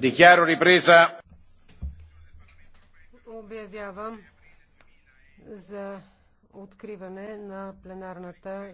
Dichiaro ripresa. Обявявам за откриване на пленарната